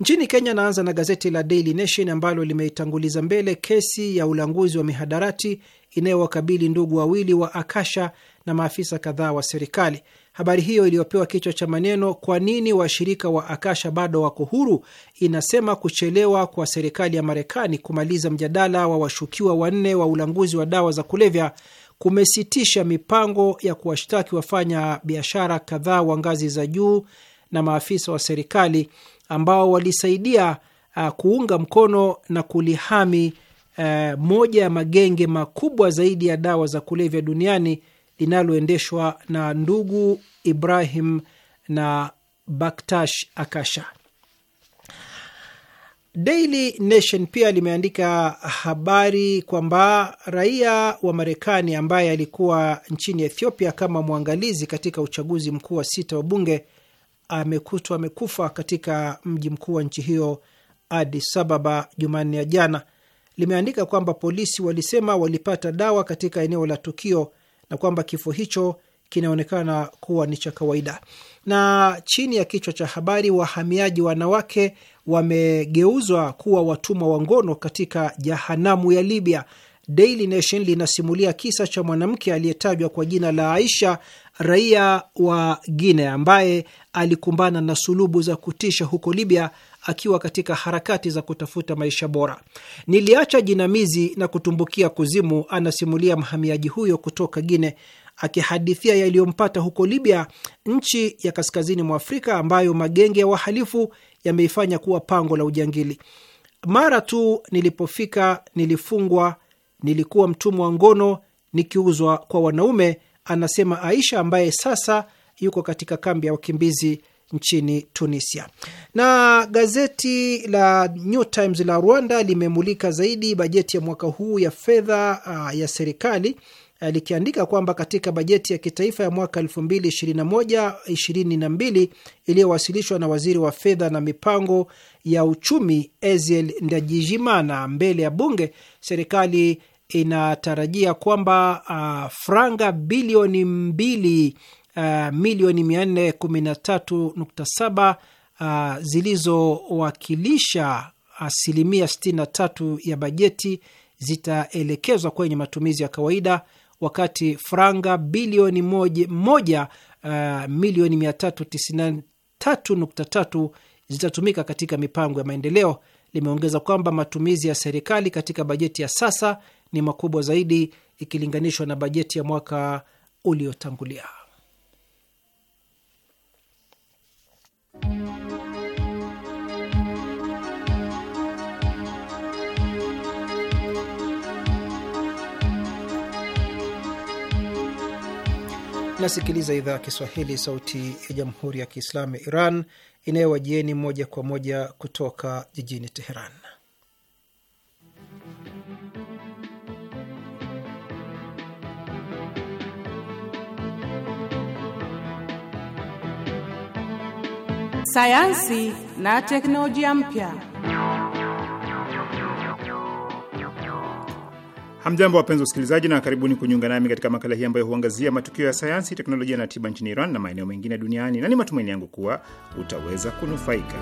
Nchini Kenya, naanza na gazeti la Daily Nation ambalo limeitanguliza mbele kesi ya ulanguzi wa mihadarati inayowakabili ndugu wawili wa Akasha na maafisa kadhaa wa serikali. Habari hiyo iliyopewa kichwa cha maneno kwa nini washirika wa Akasha bado wako huru, inasema kuchelewa kwa serikali ya Marekani kumaliza mjadala wa washukiwa wanne wa ulanguzi wa dawa za kulevya kumesitisha mipango ya kuwashtaki wafanya biashara kadhaa wa ngazi za juu na maafisa wa serikali ambao walisaidia uh, kuunga mkono na kulihami uh, moja ya magenge makubwa zaidi ya dawa za kulevya duniani linaloendeshwa na ndugu Ibrahim na Baktash Akasha. Daily Nation pia limeandika habari kwamba raia wa Marekani ambaye alikuwa nchini Ethiopia kama mwangalizi katika uchaguzi mkuu wa sita wa bunge amekutwa amekufa katika mji mkuu wa nchi hiyo Addis Ababa Jumanne ya jana. Limeandika kwamba polisi walisema walipata dawa katika eneo la tukio na kwamba kifo hicho kinaonekana kuwa ni cha kawaida. Na chini ya kichwa cha habari, wahamiaji wanawake wamegeuzwa kuwa watumwa wa ngono katika jahanamu ya Libya, Daily Nation linasimulia kisa cha mwanamke aliyetajwa kwa jina la Aisha raia wa guine ambaye alikumbana na sulubu za kutisha huko Libya akiwa katika harakati za kutafuta maisha bora. Niliacha jinamizi na kutumbukia kuzimu, anasimulia mhamiaji huyo kutoka guine akihadithia yaliyompata huko Libya, nchi ya kaskazini mwa Afrika ambayo magenge ya wahalifu yameifanya kuwa pango la ujangili. Mara tu nilipofika, nilifungwa, nilikuwa mtumwa wa ngono, nikiuzwa kwa wanaume anasema Aisha ambaye sasa yuko katika kambi ya wakimbizi nchini Tunisia. Na gazeti la New Times la Rwanda limemulika zaidi bajeti ya mwaka huu ya fedha uh, ya serikali uh, likiandika kwamba katika bajeti ya kitaifa ya mwaka 2021/22 iliyowasilishwa na waziri wa fedha na mipango ya uchumi Ezel Ndajijimana mbele ya bunge, serikali inatarajia kwamba uh, franga bilioni mbili uh, milioni saba uh, zilizowakilisha asilimia tatu ya bajeti zitaelekezwa kwenye matumizi ya kawaida, wakati franga bilioni moja, moja uh, milioni tatu zitatumika katika mipango ya maendeleo. Limeongeza kwamba matumizi ya serikali katika bajeti ya sasa ni makubwa zaidi ikilinganishwa na bajeti ya mwaka uliotangulia. Nasikiliza idhaa ya Kiswahili, sauti ya jamhuri ya kiislamu ya Iran inayowajieni moja kwa moja kutoka jijini Teheran. sayansi na teknolojia mpya. Hamjambo, wapenzi wasikilizaji, na karibuni kujiunga nami katika makala hii ambayo huangazia matukio ya sayansi, teknolojia na tiba nchini Iran na maeneo mengine duniani, na ni matumaini yangu kuwa utaweza kunufaika.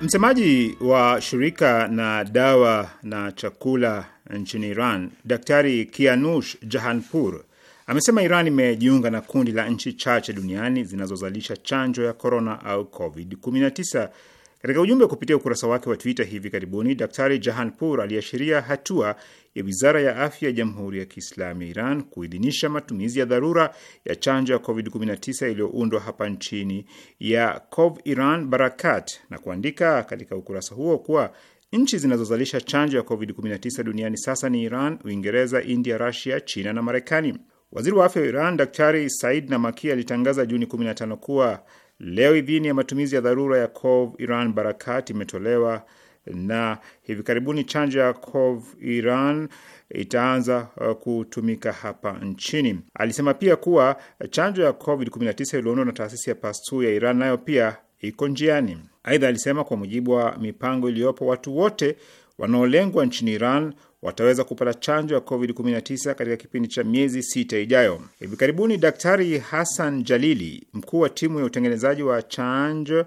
Msemaji wa shirika na dawa na chakula nchini Iran, Daktari Kianush Jahanpur Amesema Iran imejiunga na kundi la nchi chache duniani zinazozalisha chanjo ya korona au COVID-19. Katika ujumbe kupitia ukurasa wake wa Twitter hivi karibuni, Daktari Jahanpur aliashiria hatua ya wizara ya afya ya Jamhuri ya Kiislamu ya Iran kuidhinisha matumizi ya dharura ya chanjo ya COVID-19 iliyoundwa hapa nchini ya Cov Iran Barakat, na kuandika katika ukurasa huo kuwa nchi zinazozalisha chanjo ya COVID-19 duniani sasa ni Iran, Uingereza, India, Rusia, China na Marekani. Waziri wa afya wa Iran Daktari Said Namaki alitangaza Juni 15 kuwa leo idhini ya matumizi ya dharura ya Cov Iran Barakat imetolewa na hivi karibuni chanjo ya Cov Iran itaanza uh, kutumika hapa nchini. Alisema pia kuwa chanjo ya COVID-19 ilioundwa na taasisi ya Pasteur ya Iran nayo pia iko njiani. Aidha alisema kwa mujibu wa mipango iliyopo, watu wote wanaolengwa nchini Iran wataweza kupata chanjo ya COVID-19 katika kipindi cha miezi sita ijayo. Hivi karibuni Daktari Hassan Jalili, mkuu wa timu ya utengenezaji wa chanjo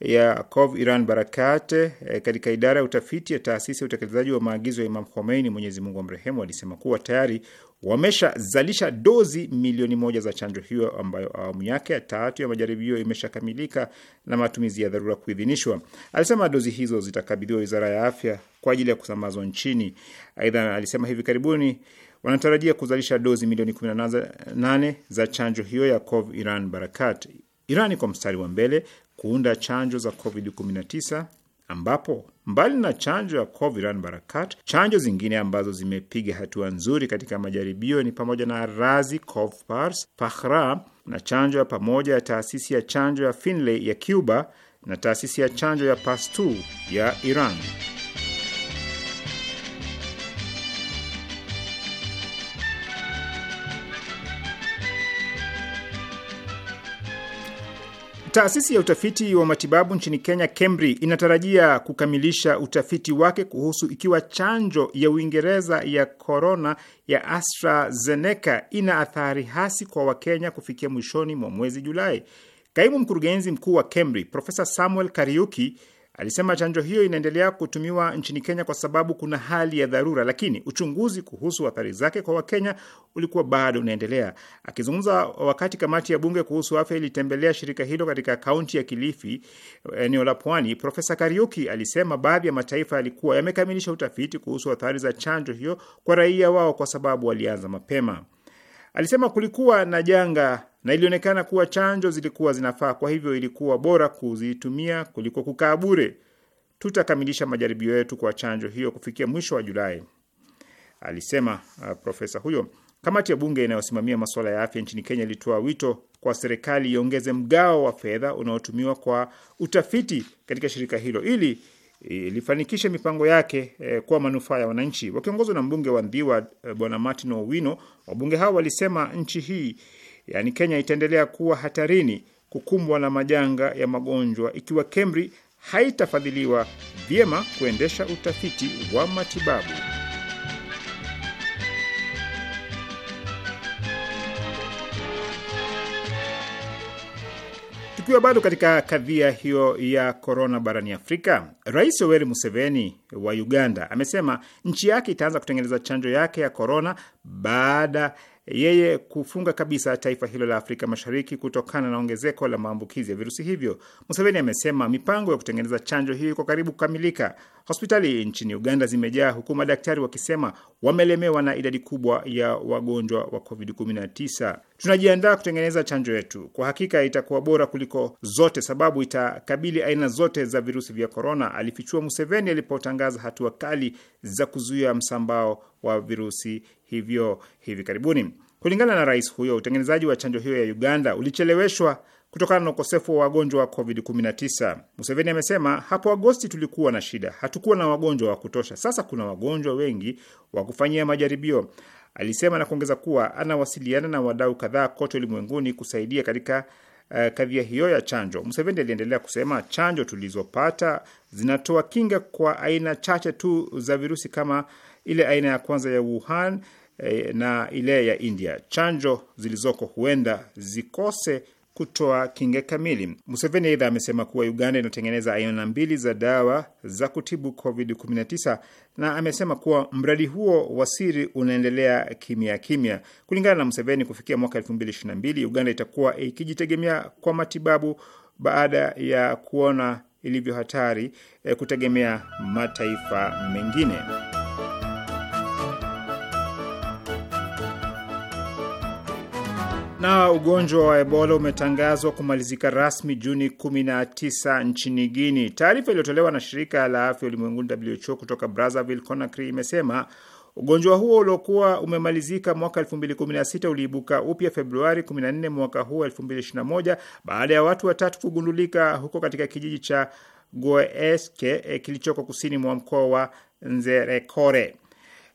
ya Yakov Iran Barakat eh, katika idara ya utafiti ya taasisi ya utekelezaji wa maagizo ya Imam Khomeini, Mwenyezi Mungu amrehemu, alisema kuwa tayari wameshazalisha dozi milioni moja za chanjo hiyo ambayo awamu yake ya tatu ya majaribio imeshakamilika na matumizi ya dharura kuidhinishwa. Alisema dozi hizo zitakabidhiwa Wizara ya Afya kwa ajili ya kusambazwa nchini. Aidha, alisema hivi karibuni wanatarajia kuzalisha dozi milioni 18 za chanjo hiyo ya Cov Iran Barakat. Iran iko mstari wa mbele kuunda chanjo za COVID-19 ambapo mbali na chanjo ya Coviran Barakat, chanjo zingine ambazo zimepiga hatua nzuri katika majaribio ni pamoja na Razi Covpars Pakhra na chanjo ya pamoja ya taasisi ya chanjo ya Finlay ya Cuba na taasisi ya chanjo ya Pastu ya Iran. Taasisi ya utafiti wa matibabu nchini Kenya, KEMRI, inatarajia kukamilisha utafiti wake kuhusu ikiwa chanjo ya Uingereza ya korona ya AstraZeneca ina athari hasi kwa Wakenya kufikia mwishoni mwa mwezi Julai. Kaimu mkurugenzi mkuu wa KEMRI Profesa Samuel Kariuki Alisema chanjo hiyo inaendelea kutumiwa nchini Kenya kwa sababu kuna hali ya dharura, lakini uchunguzi kuhusu athari zake kwa Wakenya ulikuwa bado unaendelea. Akizungumza wakati kamati ya bunge kuhusu afya ilitembelea shirika hilo katika kaunti ya Kilifi, eneo la Pwani, Profesa Kariuki alisema baadhi ya mataifa yalikuwa yamekamilisha utafiti kuhusu athari za chanjo hiyo kwa raia wao kwa sababu walianza mapema. Alisema kulikuwa na janga na ilionekana kuwa chanjo zilikuwa zinafaa, kwa hivyo ilikuwa bora kuzitumia kuliko kukaa bure. Tutakamilisha majaribio yetu kwa chanjo hiyo kufikia mwisho wa Julai, alisema uh, profesa huyo. Kamati ya bunge inayosimamia masuala ya afya nchini Kenya ilitoa wito kwa serikali iongeze mgao wa fedha unaotumiwa kwa utafiti katika shirika hilo ili ilifanikishe eh, mipango yake eh, kwa manufaa ya wananchi. Wakiongozwa na mbunge wa Ndhiwa eh, bwana Martin Owino, wabunge hao walisema nchi hii yaani Kenya itaendelea kuwa hatarini kukumbwa na majanga ya magonjwa ikiwa KEMRI haitafadhiliwa vyema kuendesha utafiti wa matibabu. Tukiwa bado katika kadhia hiyo ya korona barani Afrika, Rais Yoweri Museveni wa Uganda amesema nchi yake itaanza kutengeneza chanjo yake ya korona baada yeye kufunga kabisa taifa hilo la Afrika Mashariki kutokana na ongezeko la maambukizi ya virusi hivyo. Museveni amesema mipango ya kutengeneza chanjo hiyo iko karibu kukamilika. Hospitali nchini Uganda zimejaa huku madaktari wakisema wamelemewa na idadi kubwa ya wagonjwa wa COVID-19. Tunajiandaa kutengeneza chanjo yetu, kwa hakika itakuwa bora kuliko zote, sababu itakabili aina zote za virusi vya korona, alifichua Museveni alipotangaza hatua kali za kuzuia msambao wa virusi hivyo hivi karibuni. Kulingana na rais huyo, utengenezaji wa chanjo hiyo ya Uganda ulicheleweshwa kutokana na ukosefu wa wagonjwa wa COVID-19. Museveni amesema, hapo Agosti tulikuwa na shida, hatukuwa na wagonjwa wa kutosha. Sasa kuna wagonjwa wengi wa kufanyia majaribio, alisema, na kuongeza kuwa anawasiliana na wadau kadhaa kote ulimwenguni kusaidia katika uh, kadhia hiyo ya chanjo. Museveni aliendelea kusema, chanjo tulizopata zinatoa kinga kwa aina chache tu za virusi kama ile aina ya kwanza ya Wuhan e, na ile ya India. Chanjo zilizoko huenda zikose kutoa kinga kamili. Museveni aidha amesema kuwa Uganda inatengeneza aina mbili za dawa za kutibu COVID-19 na amesema kuwa mradi huo wa siri unaendelea kimya kimya. Kulingana na Museveni, kufikia mwaka 2022 Uganda itakuwa ikijitegemea kwa matibabu baada ya kuona ilivyo hatari e, kutegemea mataifa mengine. Na ugonjwa wa Ebola umetangazwa kumalizika rasmi Juni 19 nchini Guini. Taarifa iliyotolewa na shirika la afya ulimwenguni WHO kutoka Brazzaville, Conakry imesema ugonjwa huo uliokuwa umemalizika mwaka 2016 uliibuka upya Februari 14 mwaka huu 2021 baada ya watu watatu kugundulika huko katika kijiji cha Goeske eh, kilichoko kusini mwa mkoa wa Nzerekore.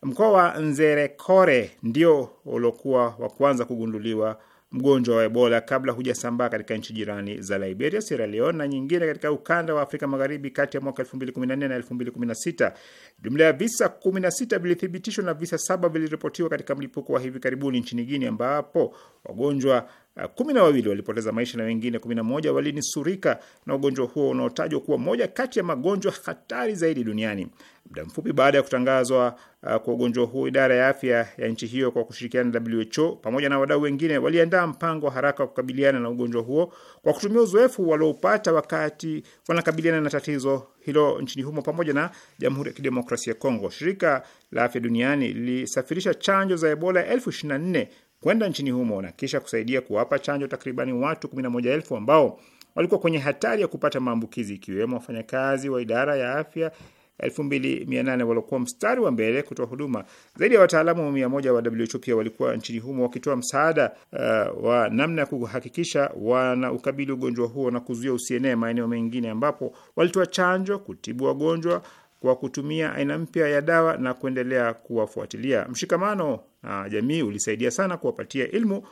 Mkoa wa Nzerekore ndio uliokuwa wa kwanza kugunduliwa mgonjwa wa Ebola kabla hujasambaa katika nchi jirani za Liberia, Sierra Leone na nyingine katika ukanda wa Afrika Magharibi kati ya mwaka 2014 na 2016. Jumla ya visa 16 vilithibitishwa na visa saba viliripotiwa katika mlipuko wa hivi karibuni nchini Guinea ambapo wagonjwa Uh, kumi na wawili walipoteza maisha na wengine kumi na moja walinisurika na ugonjwa huo unaotajwa kuwa moja kati ya magonjwa hatari zaidi duniani. Muda mfupi baada ya kutangazwa uh, kwa ugonjwa huo, idara ya afya ya nchi hiyo kwa kushirikiana na WHO pamoja na wadau wengine waliandaa mpango wa haraka wa kukabiliana na ugonjwa huo kwa kutumia uzoefu walioupata wakati wanakabiliana na tatizo hilo nchini humo pamoja na Jamhuri ya Kidemokrasia ya Kongo. Shirika la Afya Duniani lilisafirisha chanjo za Ebola elfu ishirini na nne kwenda nchini humo na kisha kusaidia kuwapa chanjo takribani watu 11,000 ambao walikuwa kwenye hatari ya kupata maambukizi ikiwemo wafanyakazi wa idara ya afya 2800 waliokuwa mstari wa mbele kutoa huduma. Zaidi ya wataalamu 100 wa WHO pia walikuwa nchini humo wakitoa msaada uh, wa namna ya kuhakikisha wana ukabili ugonjwa huo na kuzuia usienee maeneo mengine, ambapo walitoa chanjo, kutibu wagonjwa kwa kutumia aina mpya ya dawa na kuendelea kuwafuatilia. Mshikamano na jamii ulisaidia sana kuwapatia elimu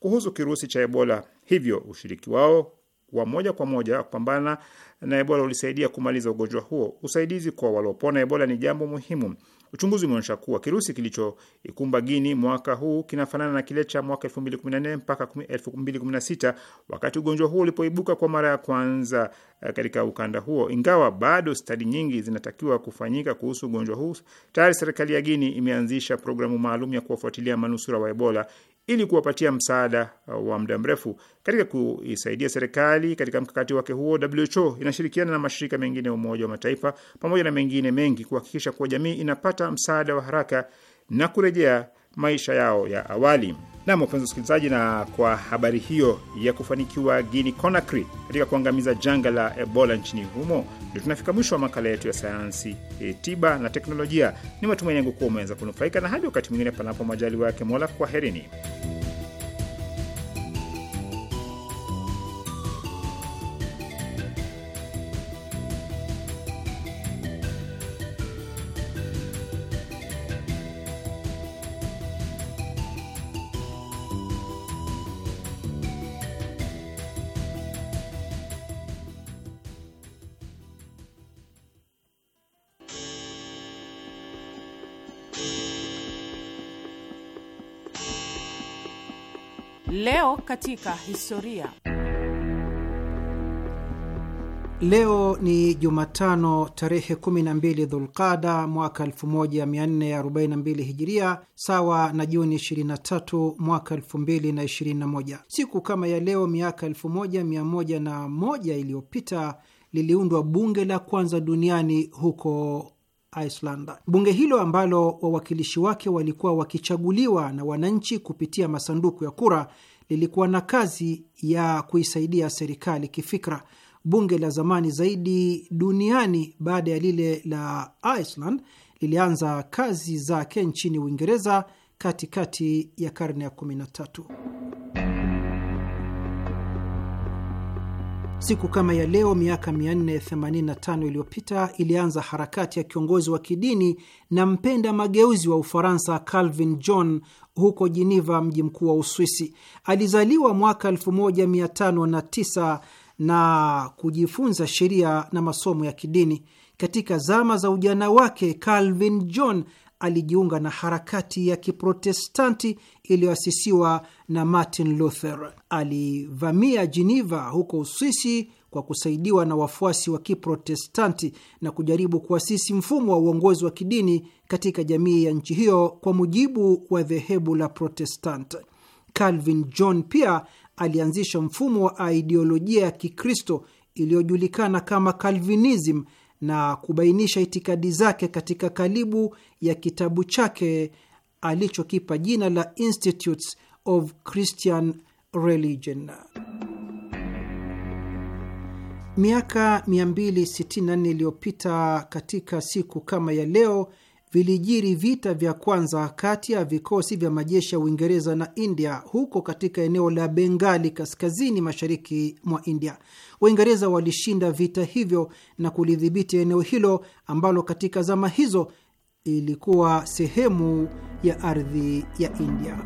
kuhusu kirusi cha Ebola, hivyo ushiriki wao wa moja kwa moja kupambana na Ebola ulisaidia kumaliza ugonjwa huo. Usaidizi kwa waliopona Ebola ni jambo muhimu. Uchunguzi umeonyesha kuwa kirusi kilichoikumba Guini mwaka huu kinafanana na kile cha mwaka 2014 mpaka 2016 wakati ugonjwa huo ulipoibuka kwa mara ya kwanza eh, katika ukanda huo. Ingawa bado stadi nyingi zinatakiwa kufanyika kuhusu ugonjwa huu, tayari serikali ya Guini imeanzisha programu maalum ya kuwafuatilia manusura wa Ebola ili kuwapatia msaada uh, wa muda mrefu. Katika kuisaidia serikali katika mkakati wake huo, WHO inashirikiana na mashirika mengine ya Umoja wa Mataifa pamoja na mengine mengi kuhakikisha kuwa jamii inapata msaada wa haraka na kurejea maisha yao ya awali. Nam, wapenzi wasikilizaji, na kwa habari hiyo ya kufanikiwa guini Conakry katika kuangamiza janga la Ebola nchini humo, ndio tunafika mwisho wa makala yetu ya sayansi e, tiba na teknolojia. Ni matumaini yangu kuwa umeweza kunufaika, na hadi wakati mwingine, panapo majali wake Mola, kwaherini. katika historia. Leo ni Jumatano tarehe 12 Dhulqada mwaka 1442 Hijiria, sawa na Juni 23 mwaka 2021. Siku kama ya leo miaka 1101 iliyopita liliundwa bunge la kwanza duniani huko Iceland. Bunge hilo ambalo wawakilishi wake walikuwa wakichaguliwa na wananchi kupitia masanduku ya kura lilikuwa na kazi ya kuisaidia serikali kifikra. Bunge la zamani zaidi duniani baada ya lile la Iceland lilianza kazi zake nchini Uingereza katikati ya karne ya 13. Siku kama ya leo miaka 485 iliyopita ilianza harakati ya kiongozi wa kidini na mpenda mageuzi wa Ufaransa Calvin John huko Jiniva, mji mkuu wa Uswisi. Alizaliwa mwaka 1509 na kujifunza sheria na masomo ya kidini. Katika zama za ujana wake, Calvin John alijiunga na harakati ya Kiprotestanti iliyoasisiwa na Martin Luther. Alivamia Jiniva huko Uswisi kwa kusaidiwa na wafuasi wa Kiprotestanti na kujaribu kuasisi mfumo wa uongozi wa kidini katika jamii ya nchi hiyo kwa mujibu wa dhehebu la Protestant. Calvin John pia alianzisha mfumo wa aidiolojia ya Kikristo iliyojulikana kama Calvinism na kubainisha itikadi zake katika kalibu ya kitabu chake alichokipa jina la Institutes of Christian Religion. Miaka 264 iliyopita katika siku kama ya leo vilijiri vita vya kwanza kati ya vikosi vya majeshi ya Uingereza na India huko katika eneo la Bengali kaskazini mashariki mwa India. Waingereza walishinda vita hivyo na kulidhibiti eneo hilo ambalo katika zama hizo ilikuwa sehemu ya ardhi ya India.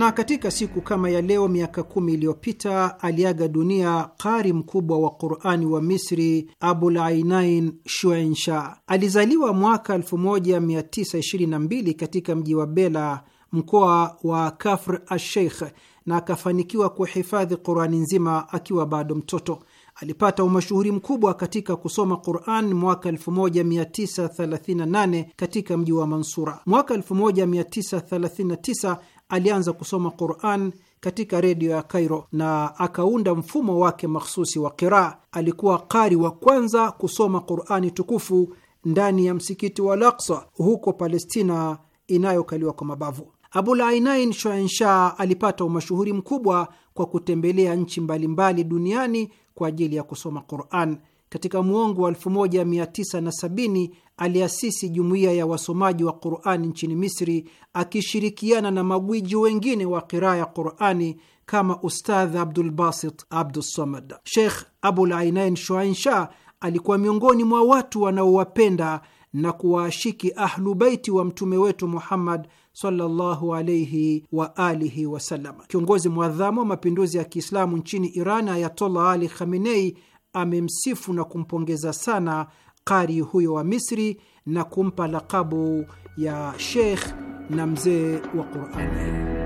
Na katika siku kama ya leo miaka kumi iliyopita aliaga dunia qari mkubwa wa Qurani wa Misri Abul Ainain Shuensha. Alizaliwa mwaka 1922 katika mji wa Bela, mkoa wa Kafr Asheikh, na akafanikiwa kuhifadhi Qurani nzima akiwa bado mtoto. Alipata umashuhuri mkubwa katika kusoma Quran mwaka 1938 katika mji wa Mansura. Mwaka 1939 alianza kusoma Quran katika redio ya Kairo na akaunda mfumo wake mahsusi wa qiraa. Alikuwa qari wa kwanza kusoma Qurani tukufu ndani ya msikiti wa Al-Aqsa huko Palestina inayokaliwa kwa mabavu. Abul Ainain Shoansha alipata umashuhuri mkubwa kwa kutembelea nchi mbalimbali duniani kwa ajili ya kusoma Quran katika mwongo wa 1970 aliasisi jumuiya ya wasomaji wa Qurani nchini Misri akishirikiana na magwiji wengine wa qiraa ya Qurani kama Ustadh Abdulbasit Abdussamad. Sheikh Abul Ainain Shuainsha alikuwa miongoni mwa watu wanaowapenda na kuwaashiki Ahlu Baiti wa mtume wetu Muhammad sallallahu alayhi wa alihi wasallam. Kiongozi mwadhamu wa mapinduzi ya Kiislamu nchini Iran Ayatollah Ali Khamenei amemsifu na kumpongeza sana qari huyo wa Misri na kumpa lakabu ya Sheikh na mzee wa Qurani.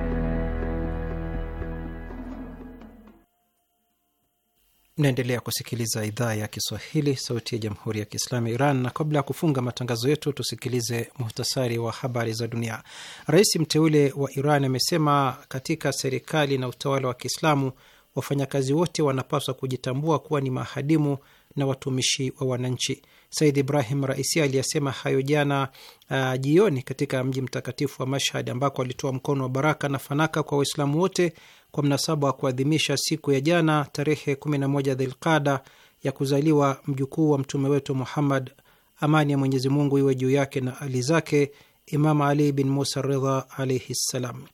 naendelea kusikiliza idhaa ya Kiswahili, sauti ya jamhuri ya kiislamu ya Iran. Na kabla ya kufunga matangazo yetu, tusikilize muhtasari wa habari za dunia. Rais mteule wa Iran amesema katika serikali na utawala wa Kiislamu wafanyakazi wote wanapaswa kujitambua kuwa ni mahadimu na watumishi wa wananchi. Said Ibrahim Raisi aliyesema hayo jana uh, jioni katika mji mtakatifu wa Mashhad ambako alitoa mkono wa baraka na fanaka kwa Waislamu wote kwa mnasaba wa kuadhimisha siku ya jana tarehe 11 Dhilqada ya kuzaliwa mjukuu wa mtume wetu Muhammad, amani ya Mwenyezi Mungu iwe juu yake na ali zake, Imam Ali bin Musa Ridha alaihi ssalam.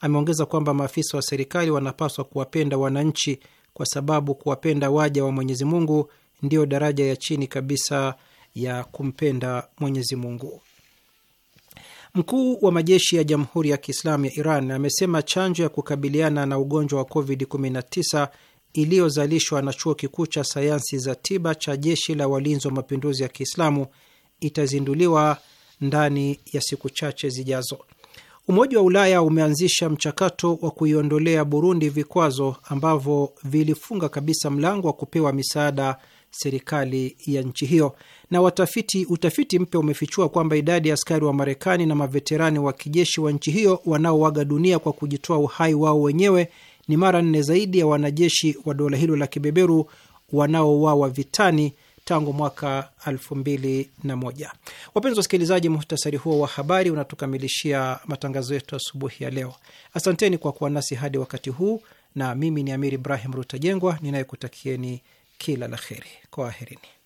Ameongeza kwamba maafisa wa serikali wanapaswa kuwapenda wananchi kwa sababu kuwapenda waja wa Mwenyezi Mungu ndiyo daraja ya chini kabisa ya kumpenda Mwenyezi Mungu. Mkuu wa majeshi ya Jamhuri ya Kiislamu ya Iran amesema chanjo ya kukabiliana na ugonjwa wa COVID-19 iliyozalishwa na chuo kikuu cha sayansi za tiba cha jeshi la walinzi wa mapinduzi ya Kiislamu itazinduliwa ndani ya siku chache zijazo. Umoja wa Ulaya umeanzisha mchakato wa kuiondolea Burundi vikwazo ambavyo vilifunga kabisa mlango wa kupewa misaada serikali ya nchi hiyo. Na watafiti, utafiti mpya umefichua kwamba idadi ya askari wa Marekani na maveterani wa kijeshi wa nchi hiyo wanaoaga dunia kwa kujitoa uhai wao wenyewe ni mara nne zaidi ya wanajeshi wa dola hilo la kibeberu wanaouawa vitani tangu mwaka 21 Wapenzi wasikilizaji, muhtasari huo wa habari unatukamilishia matangazo yetu asubuhi ya leo. Asanteni kwa kuwa nasi hadi wakati huu, na mimi ni Amiri Ibrahim Rutajengwa ninayekutakieni kila la heri. Kwaherini.